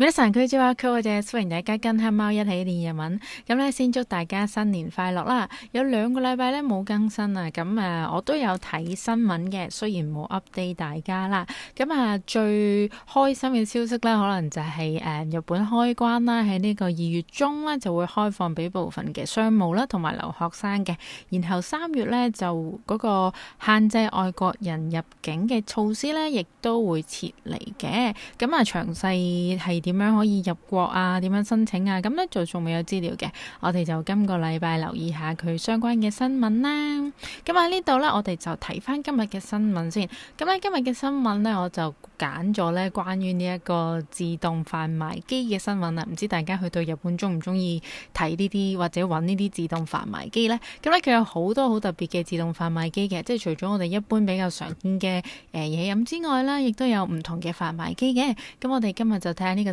美神佢就話佢我只蘇，歡迎大家跟黑貓一起練日文，咁咧先祝大家新年快樂啦！有兩個禮拜咧冇更新啊，咁啊我都有睇新聞嘅，雖然冇 update 大家啦，咁啊最開心嘅消息咧，可能就係、是、誒日本開關啦，喺呢個二月中咧就會開放俾部分嘅商務啦同埋留學生嘅，然後三月咧就嗰個限制外國人入境嘅措施咧，亦都會撤離嘅，咁啊詳細係。點樣可以入國啊？點樣申請啊？咁呢就仲未有資料嘅，我哋就今個禮拜留意下佢相關嘅新聞啦。咁喺呢度呢，我哋就睇翻今日嘅新聞先。咁呢今日嘅新聞呢，我就揀咗呢關於呢一個自動販賣機嘅新聞啦。唔知大家去到日本中唔中意睇呢啲或者揾呢啲自動販賣機呢？咁呢，佢有好多好特別嘅自動販賣機嘅，即係除咗我哋一般比較常見嘅誒嘢飲之外啦，亦都有唔同嘅販賣機嘅。咁我哋今日就睇下呢個。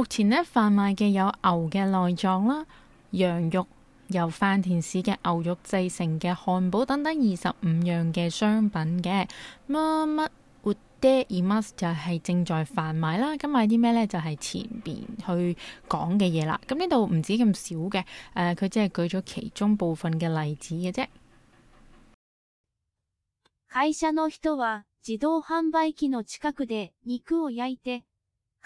目前呢，販賣嘅有牛嘅內臟啦、羊肉、由飯田市嘅牛肉製成嘅漢堡等等二十五樣嘅商品嘅乜乜活爹伊 mus 就係、是、正在販賣啦。咁買啲咩呢？就係、是、前邊去講嘅嘢啦。咁呢度唔止咁少嘅，誒、呃，佢只係舉咗其中部分嘅例子嘅啫。會社の人は自動販売機の近くで肉を焼いて。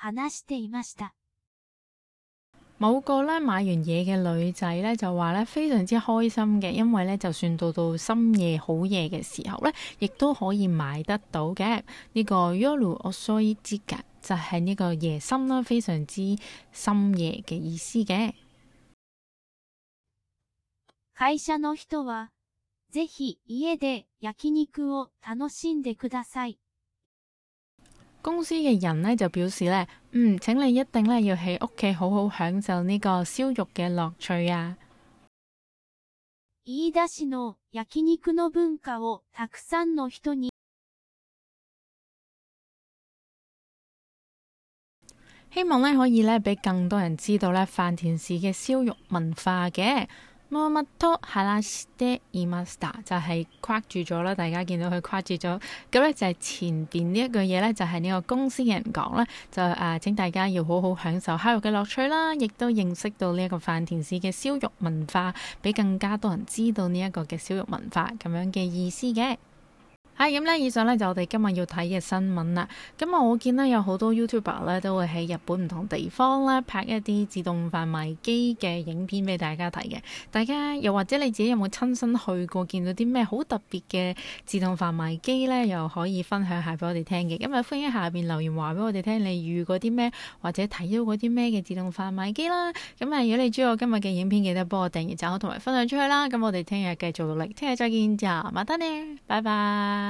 話していました。某個買完嘢嘅女仔就話非常之開心嘅。因為就算到到深夜，好夜嘅時候亦都可以買得到嘅。呢個夜遅い時刻就係呢個夜深啦，非常之深夜嘅意思嘅。會社の人は、ぜひ家で焼肉を楽しんでください。公司嘅人呢就表示呢嗯，請你一定呢要喺屋企好好享受呢個燒肉嘅樂趣啊！希望呢可以呢俾更多人知道呢飯田市嘅燒肉文化嘅。乜乜拖係啦，the master 就係跨住咗啦。大家見到佢跨住咗，咁咧就係前邊呢一句嘢咧，就係呢個公司嘅人講啦，就誒請大家要好好享受烤肉嘅樂趣啦，亦都認識到呢一個飯田市嘅燒肉文化，俾更加多人知道呢一個嘅燒肉文化咁樣嘅意思嘅。係咁咧，以上咧就我哋今日要睇嘅新聞啦。咁啊，我見咧有好多 YouTuber 咧都會喺日本唔同地方啦拍一啲自動販賣機嘅影片俾大家睇嘅。大家又或者你自己有冇親身去過，見到啲咩好特別嘅自動販賣機咧？又可以分享下俾我哋聽嘅。咁啊歡迎下面留言話俾我哋聽，你遇過啲咩或者睇到嗰啲咩嘅自動販賣機啦。咁啊，如果你中意我今日嘅影片，記得幫我訂閱讚好同埋分享出去啦。咁我哋聽日繼續努力，聽日再見咋，晚得拜拜。